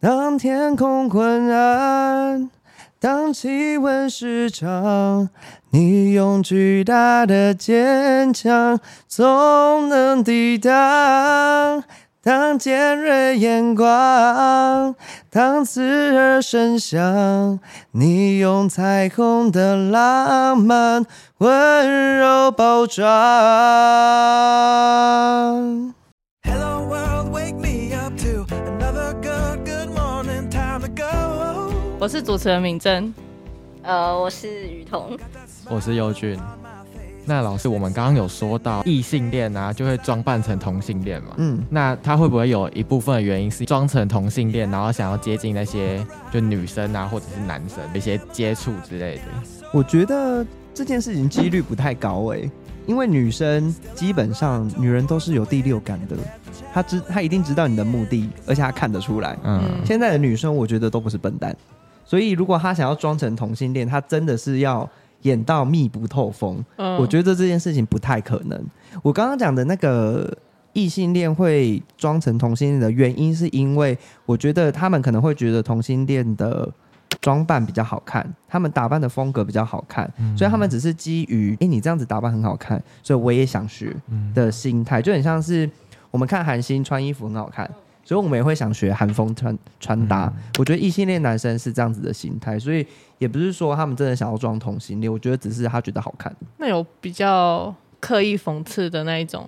當天空昏暗，當氣溫失常，你用巨大的堅強總能抵擋；當尖銳眼光，當刺耳聲響，你用彩虹的浪漫溫柔包裝。我是主持人敏甄，呃，我是禹彤，我是宥峻。那老師，我們剛剛有說到異性戀啊，就會裝扮成同性戀嘛。嗯，那他會不會有一部分的原因是裝成同性戀，然後想要接近那些就女生啊，或者是男生那些接觸之類的？我覺得這件事情幾率不太高誒、欸，因為女生基本上女人都是有第六感的，她知她一定知道你的目的，而且她看得出來。嗯，現在的女生我覺得都不是笨蛋。所以，如果他想要裝成同性戀，他真的是要演到密不透風。嗯、我覺得這件事情不太可能。我剛剛講的那個異性戀會裝成同性戀的原因，是因為我覺得他們可能會覺得同性戀的裝扮比較好看，他們打扮的風格比較好看，所以他們只是基於“誒、嗯欸，你這樣子打扮很好看，所以我也想學”的心態，就很像是我們看韓星穿衣服很好看。所以我們也會想學韓風穿穿搭。我覺得異性戀男生是這樣子的心態，所以也不是說他們真的想要裝同性戀，我覺得只是他覺得好看。那有比較刻意諷刺的那一種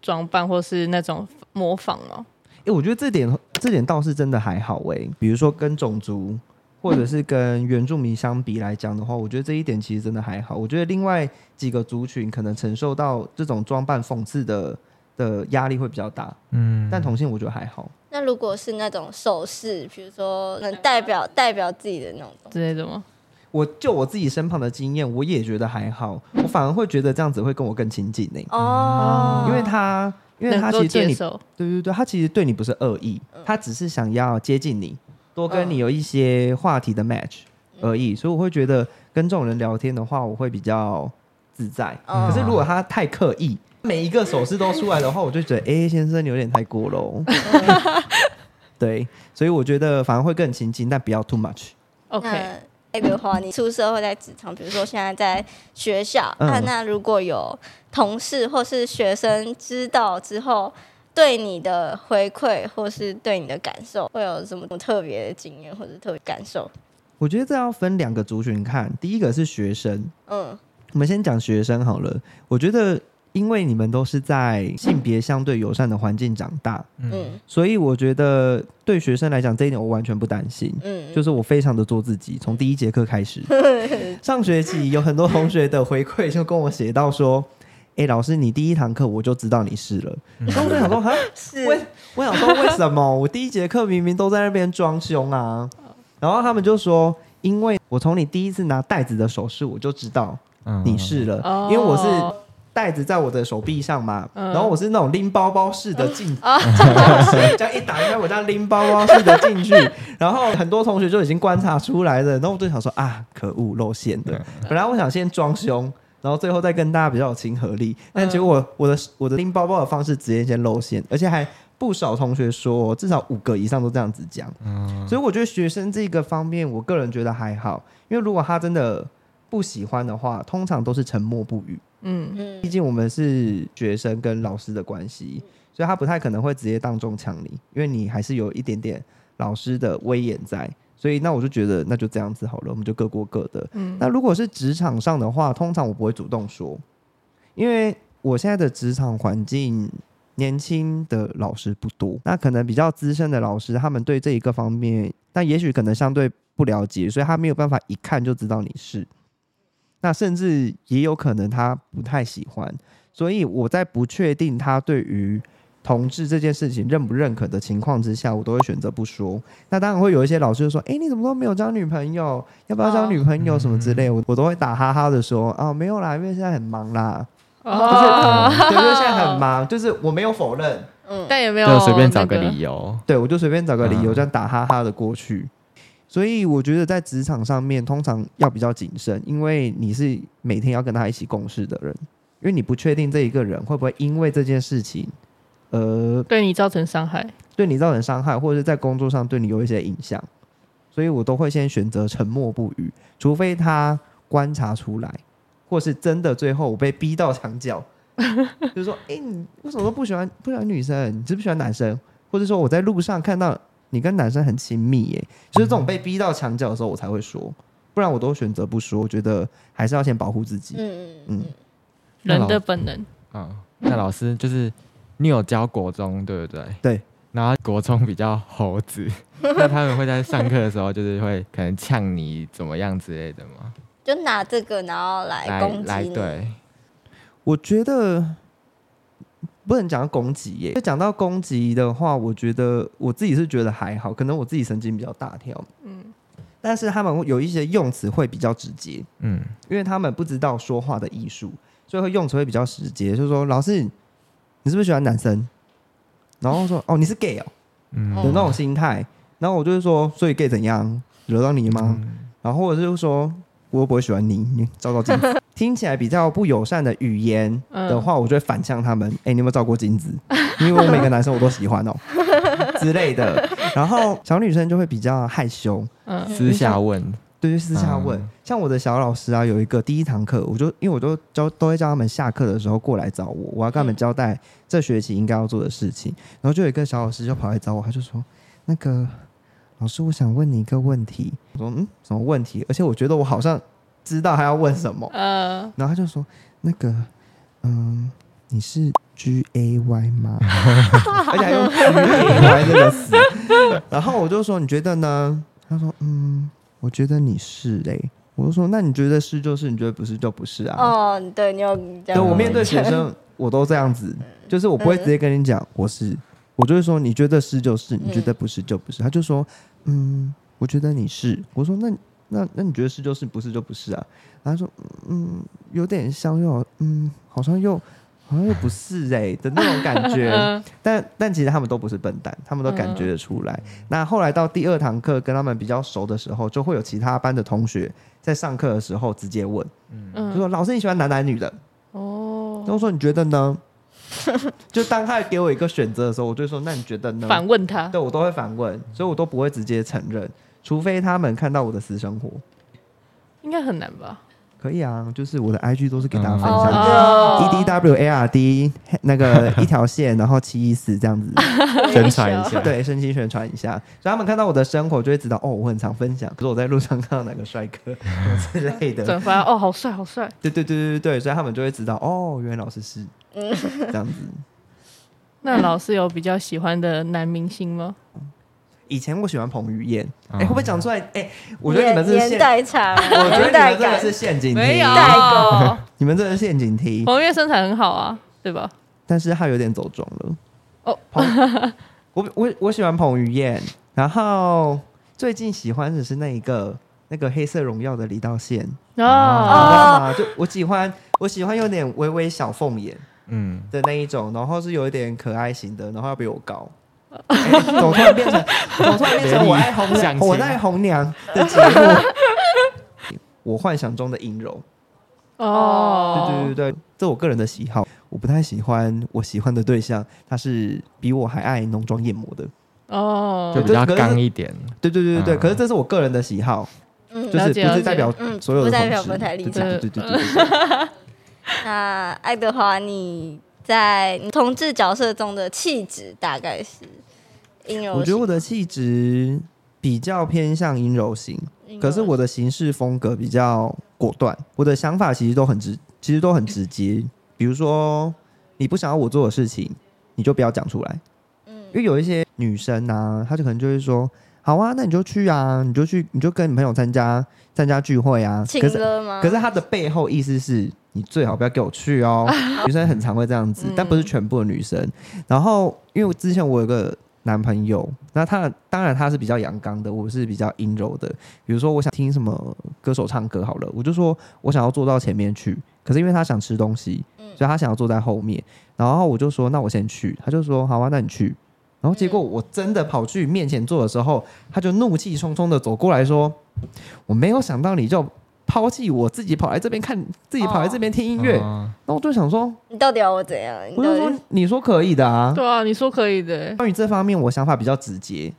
裝扮，或是那種模仿嗎、喔？誒、欸，我覺得這點這點倒是真的還好誒、欸，比如說跟種族，或者是跟原住民相比來講的話，我覺得這一點其實真的還好。我覺得另外幾個族群可能承受到這種裝扮諷刺的。的壓力會比較大，嗯，但同性我覺得還好。那如果是那種手勢，比如說能代表代表自己的那種之類的嗎？我就我自己身旁的經驗，我也覺得還好。我反而會覺得這樣子會跟我更親近呢、欸。哦、嗯，因為他因為他其實對你，對對對，他其實對你不是惡意，嗯、他只是想要接近你，多跟你有一些話題的 match 而已。嗯、所以我會覺得跟這種人聊天的話，我會比較自在。嗯、可是如果他太刻意。每一個手勢都出來的話，我就覺得，哎、欸，先生你有點太過咯。 對，所以我覺得反而會更親近，但不要 too much。OK，那個、嗯、話，你出社會在職場，比如說現在在學校，那、嗯、那如果有同事或是學生知道之後，對你的回饋或是對你的感受，會有什麼特別的經驗或者特別感受？我覺得這要分兩個族群看，第一個是學生，嗯，我們先講學生好了。我覺得。因為你們都是在性別相對友善的環境長大，嗯，所以我覺得對學生來講，這一點我完全不擔心，嗯，就是我非常的做自己，從第一節課開始， 上學期有很多同學的回饋就跟我寫到說，哎、 欸，老師，你第一堂課我就知道你是了，然後我就想說，哈，是，我想說為什麼我第一節課明明都在那邊裝凶啊， 然後他們就說，因為我從你第一次拿袋子的手勢，我就知道你是了，嗯嗯嗯，因為我是。袋子在我的手臂上嘛，嗯、然後我是那種拎包包式的進，嗯啊、 這樣一打開，我這樣拎包包式的進去， 然後很多同學就已經觀察出來了，然後我就想說啊，可惡，露餡。對，嗯、本來我想先裝兇，然後最後再跟大家比較有親和力，但結果我的，嗯、我的我的拎包包的方式直接先露餡，而且還不少同學說，至少五個以上都這樣子講，嗯、所以我覺得學生這個方面，我個人覺得還好，因為如果他真的不喜歡的話，通常都是沉默不語。嗯嗯，畢竟我們是學生跟老師的關係，所以他不太可能會直接當眾嗆你，因為你還是有一點點老師的威嚴在。所以，那我就覺得那就這樣子好了，我們就各過各的。嗯，那如果是職場上的話，通常我不會主動說，因為我現在的職場環境，年輕的老師不多，那可能比較資深的老師他們對這一個方面，但也許可能相對不了解，所以他沒有辦法一看就知道你是。那甚至也有可能他不太喜歡，所以我在不確定他對於同志這件事情認不認可的情況之下，我都會選擇不說。那當然會有一些老師就說：“哎、欸，你怎麼都沒有交女朋友？要不要交女朋友什麼之類的？”我、啊嗯、我都會打哈哈的說：“哦，沒有啦，因為現在很忙啦，啊、就是、嗯啊、對，因為現在很忙，就是我沒有否認，但也沒有就隨便找個理由。嗯、對，我就隨便找個理由，嗯、這樣打哈哈的過去。”所以我覺得在職場上面，通常要比較謹慎，因為你是每天要跟他一起共事的人，因為你不確定這一個人會不會因為這件事情，呃，對你造成傷害，對你造成傷害，或者是在工作上對你有一些影響，所以我都會先選擇沉默不語，除非他觀察出來，或是真的最後我被逼到牆角， 就是說，誒、欸，你為什麼都不喜歡不喜歡女生？你是不是喜歡男生？或者說我在路上看到。你跟男生很親密耶、欸，就是這種被逼到牆角的時候，我才會說，不然我都選擇不說，我覺得還是要先保護自己。嗯嗯，人的本能。啊、嗯哦，那老師就是你有教國中對不對？對、嗯，然後國中比較猴子，對 那他們會在上課的時候就是會可能嗆你怎麼樣之類的嗎？就拿這個然後來攻擊你。來，對，我覺得。不能講、欸、到攻擊耶，就講到攻擊的話，我覺得我自己是覺得還好，可能我自己神經比較大條。嗯，但是他們有一些用詞會比較直接，嗯，因為他們不知道說話的藝術，所以用詞會比較直接，就是說老師你是不是喜歡男生？然後說哦你是 gay 哦，的、嗯、那種心態。然後我就是說，所以 gay 怎樣？惹到你嗎？然後我就說，嗯、就說我又不會喜歡你，照照鏡子。 聽起來比較不友善的語言的話，嗯、我就會反向他們。哎、欸，你有沒有照過鏡子？因為我每個男生我都喜歡哦、喔、 之類的。然後小女生就會比較害羞，嗯、私下問，對，於私下問。下問嗯、像我的小老師啊，有一個第一堂課，我就因為我都都都會叫他們下課的時候過來找我，我要跟他們交代這學期應該要做的事情。然後就有一個小老師就跑來找我，他就說：“那個老師，我想問你一個問題。”我說：“嗯，什麼問題？”而且我覺得我好像。知道他要問什麼，嗯，然後他就說：“那個，嗯，你是 gay 嗎？” 而且還用 gay 這個詞，然後我就說：“你覺得呢？”他說：“嗯，我覺得你是嘞。”我就說：“那你覺得是就是，你覺得不是就不是啊？”哦，對你有對，對我面對學生我都這樣子，就是我不會直接跟你講我是，嗯、我就會說你覺得是就是，你覺得不是就不是。他就說：“嗯，我覺得你是。”我說：“那你。”那那你覺得是就是，不是就不是啊？然後他說，嗯，有點像，又嗯，好像又好像又不是哎、欸、的那種感覺。 嗯、但但其實他們都不是笨蛋，他們都感覺得出來。嗯、那後來到第二堂課跟他們比較熟的時候，就會有其他班的同學在上課的時候直接問，嗯，就說老師你喜歡男男女的哦，那我說你覺得呢？ 就當他給我一個選擇的時候，我就說那你覺得呢？反問他，對我都會反問，所以我都不會直接承認。除非他們看到我的私生活，應該很難吧？可以啊，就是我的 IG 都是給大家分享的、嗯、，E D W A R D 那個一條線，然後七四這樣子 宣傳一下， 對，身心宣傳一下。 所以他們看到我的生活，就會知道哦，我很常分享，可是我在路上看到哪個帥哥 什麼之類的轉發哦，好帥，好帥，對對對對對，所以他們就會知道哦，原來老師是這樣子。 樣子那老師有比較喜歡的男明星嗎？以前我喜歡彭於晏，哎，會不會講出來？哎，我覺得你們這是年代差，年代感是陷阱題，沒有，你們這是陷阱題。彭於晏身材很好啊，對吧？但是他有點走鐘了。哦，我我我喜歡彭於晏，然後最近喜歡的是那一個那個黑色榮耀的李道憲，哦，就我喜歡我喜歡有點微微小鳳眼，嗯的那一種，然後是有一點可愛型的，然後要比我高。怎麼突然變成，怎麼突然變成我愛紅娘，我愛紅娘的節目，我幻想中的陰柔哦，對對對，這我個人的喜好，我不太喜歡，我喜歡的對象他是比我還愛濃妝豔抹的哦，就比較剛一點，對對對，可是這是我個人的喜好，就是不是代表所有的同志，對對對。那愛德華，你在同志角色中的氣質大概是？我覺得我的氣質比較偏向陰柔型，柔型，可是我的行事風格比較果斷。我的想法其實都很直，其實都很直接。 比如說你不想要我做的事情，你就不要講出來。嗯，因為有一些女生呢、啊，她就可能就會說：“好啊，那你就去啊，你就去，你就跟你朋友參加參加聚會啊。”可是，可是她的背後意思是，你最好不要給我去哦。 女生很常會這樣子，但不是全部的女生。嗯、然後，因為之前我有一個。男朋友，那他當然他是比較陽剛的，我是比較陰柔的。比如說，我想聽什麼歌手唱歌好了，我就說我想要坐到前面去。可是因為他想吃東西，所以他想要坐在後面。然後我就說，那我先去。他就說，好吧，啊，那你去。然後結果我真的跑去面前坐的時候，他就怒氣沖沖地走過來說，我沒有想到你就。拋棄我自己，跑來這邊看，自己跑來這邊聽音樂，那、哦、我就想說，你到底要我怎樣？我就說，你說可以的啊。對啊，你說可以的。關於這方面，我想法比較直接，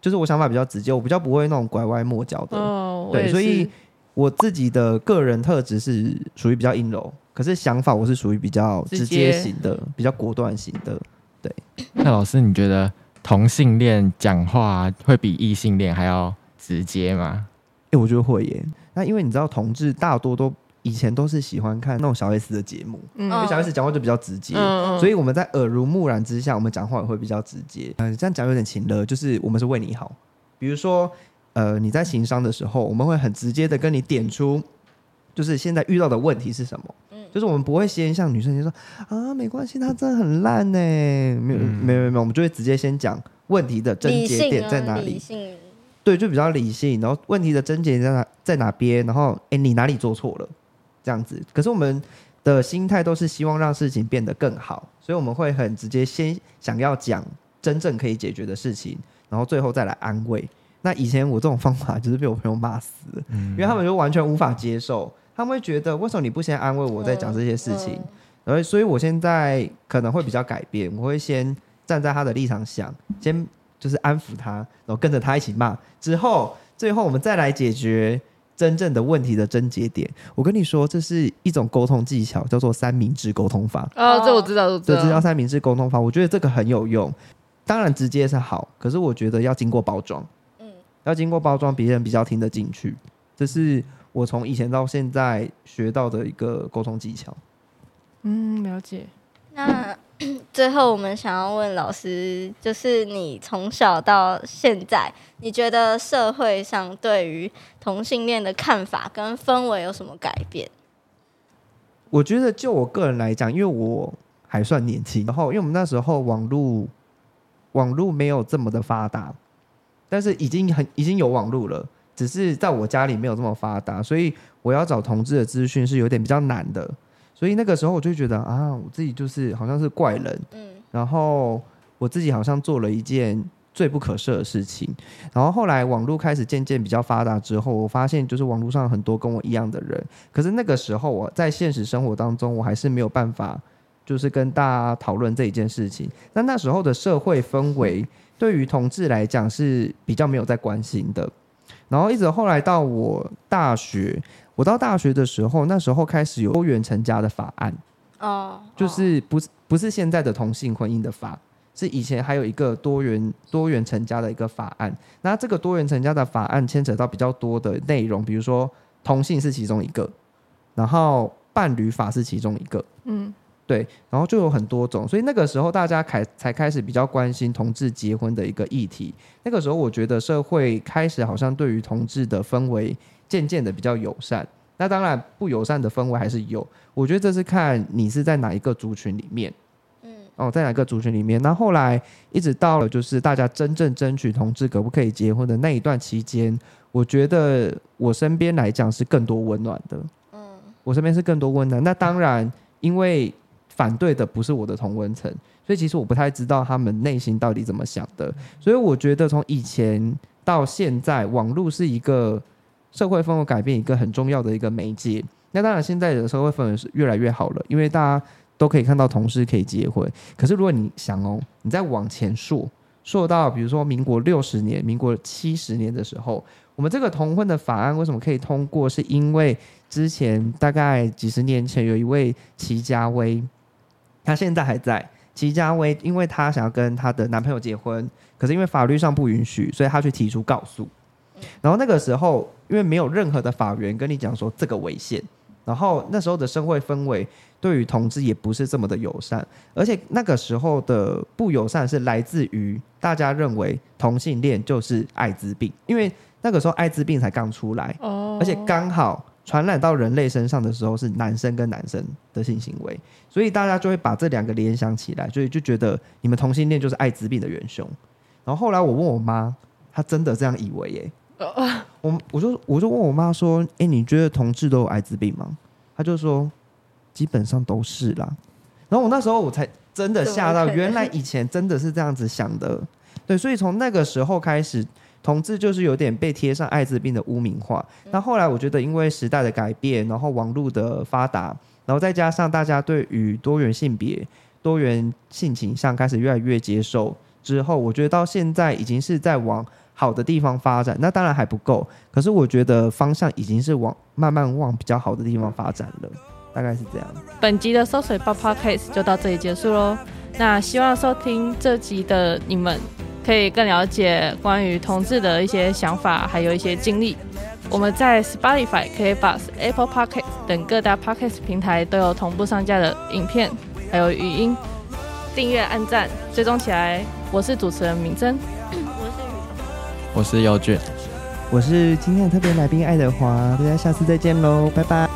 就是我想法比較直接，我比較不會那種拐彎抹角的。哦、對，所以我自己的個人特質是屬於比較陰柔，可是想法我是屬於比較直接型的，直接、比較果斷型的。對。那老師，你覺得同性戀講話會比異性戀還要直接嗎？哎，欸、我覺得會、欸。那因為你知道，同志大多都以前都是喜歡看那種小 S 的節目，嗯、因為小 S 講話就比較直接，嗯、所以我們在耳濡目染之下，我們講話也會比較直接。嗯、呃，這樣講有點情勒，就是我們是為你好。比如說，呃，你在情傷的時候，我們會很直接的跟你點出，就是現在遇到的問題是什麼。嗯，就是我們不會先向女生先說啊，沒關係，他真的很爛呢。沒有，沒有，沒有，我們就會直接先講問題的症結點在哪裡。對，就比較理性，然後問題的症結在哪在哪邊，然後誒，你哪裡做錯了，這樣子。可是我們的心態都是希望讓事情變得更好，所以我們會很直接，先想要講真正可以解決的事情，然後最後再來安慰。那以前我這種方法就是被我朋友罵死，嗯、因為他們就完全無法接受，他們會覺得為什麼你不先安慰我，再講這些事情？所以、嗯嗯、所以我現在可能會比較改變，我會先站在他的立場想，先。就是安撫他，然後跟着他一起罵，之後最後我們再來解決真正的問題的症結點。我跟你說，這是一種溝通技巧，叫做三明治溝通法。哦，這我知道，知道。這叫三明治溝通法，我覺得這個很有用。當然，直接是好，可是我覺得要經過包裝，嗯，要經過包裝，別人比較聽得進去。這是我從以前到現在學到的一個溝通技巧。嗯，了解。那。最後，我們想要問老師，就是你從小到現在，你覺得社會上對於同性戀的看法跟氛圍有什麼改變？我覺得，就我個人來講，因為我還算年輕，然後因為我們那時候網絡網絡沒有這麼的發達，但是已經很已經有網絡了，只是在我家裡沒有這麼發達，所以我要找同志的資訊是有點比較難的。所以那個時候我就覺得啊，我自己就是好像是怪人，嗯、然後我自己好像做了一件罪不可赦的事情，然後後來網絡開始漸漸比較發達之後，我發現就是網絡上很多跟我一樣的人，可是那個時候我、啊、在現實生活當中我還是沒有辦法，就是跟大家討論這一件事情。但那時候的社會氛圍對於同志來講是比較沒有在關心的。然後一直後來到我大學，我到大學的時候，那時候開始有多元成家的法案，哦，oh, oh. 就是不不是現在的同性婚姻的法，是以前還有一個多元多元成家的一個法案。那這個多元成家的法案牽扯到比較多的內容，比如說同性是其中一個，然後伴侶法是其中一個，嗯。對，然後就有很多種，所以那個時候大家開才，才開始比較關心同志結婚的一個議題。那個時候，我覺得社會開始好像對於同志的氛圍漸漸的比較友善。那當然不友善的氛圍還是有，我覺得這是看你是在哪一個族群裡面。嗯，哦，在哪個族群裡面？那後，後來一直到了就是大家真正爭取同志可不可以結婚的那一段期間，我覺得我身邊來講是更多溫暖的。嗯，我身邊是更多溫暖。那當然，因為。反對的不是我的同溫層，所以其實我不太知道他們內心到底怎麼想的。所以我覺得從以前到現在，網絡是一個社會氛圍改變一個很重要的一個媒介。那當然，現在的社會氛圍是越來越好了，因為大家都可以看到同事可以結婚。可是如果你想哦，你再往前說，說到，比如說民國六十年、民國七十年的時候，我們這個同婚的法案為什麼可以通過？是因為之前大概幾十年前有一位祁家威。他現在還在，祁家威，因為她想要跟她的男朋友結婚，可是因為法律上不允許，所以她去提出告訴。然後那個時候，因為沒有任何的法源跟你講說這個違憲，然後那時候的社會氛圍對於同志也不是這麼的友善，而且那個時候的不友善是來自於大家認為同性戀就是艾滋病，因為那個時候艾滋病才剛出來，而且剛好。傳染到人類身上的時候是男生跟男生的性行為，所以大家就會把這兩個聯想起來，所以就覺得你們同性戀就是艾滋病的元凶。然後後來我問我媽，她真的這樣以為、欸？哎，我我就我就問我媽說，哎、欸，你覺得同志都有艾滋病嗎？她就說基本上都是啦。然後我那時候我才真的嚇到，原來以前真的是這樣子想的。對，所以從那個時候開始。同志就是有點被貼上艾滋病的污名化。那後來我覺得，因為時代的改變，然後網絡的發達，然後再加上大家對於多元性別、多元性傾向開始越來越接受之後，我覺得到現在已經是在往好的地方發展。那當然還不夠，可是我覺得方向已經是往慢慢往比較好的地方發展了，大概是這樣。本集的搜水報 Podcast 就到這裡結束嘍。那希望收聽這集的你們，可以更了解關於同志的一些想法，還有一些經歷。我們在 Spotify KKBOX、Apple Podcast 等各大 Podcast 平台都有同步上架的影片，還有語音訂閱、按讚、追蹤起來。我是主持人敏甄，我是，我是宥峻，我是今天的特別來賓愛德華。大家下次再見嘍，拜拜。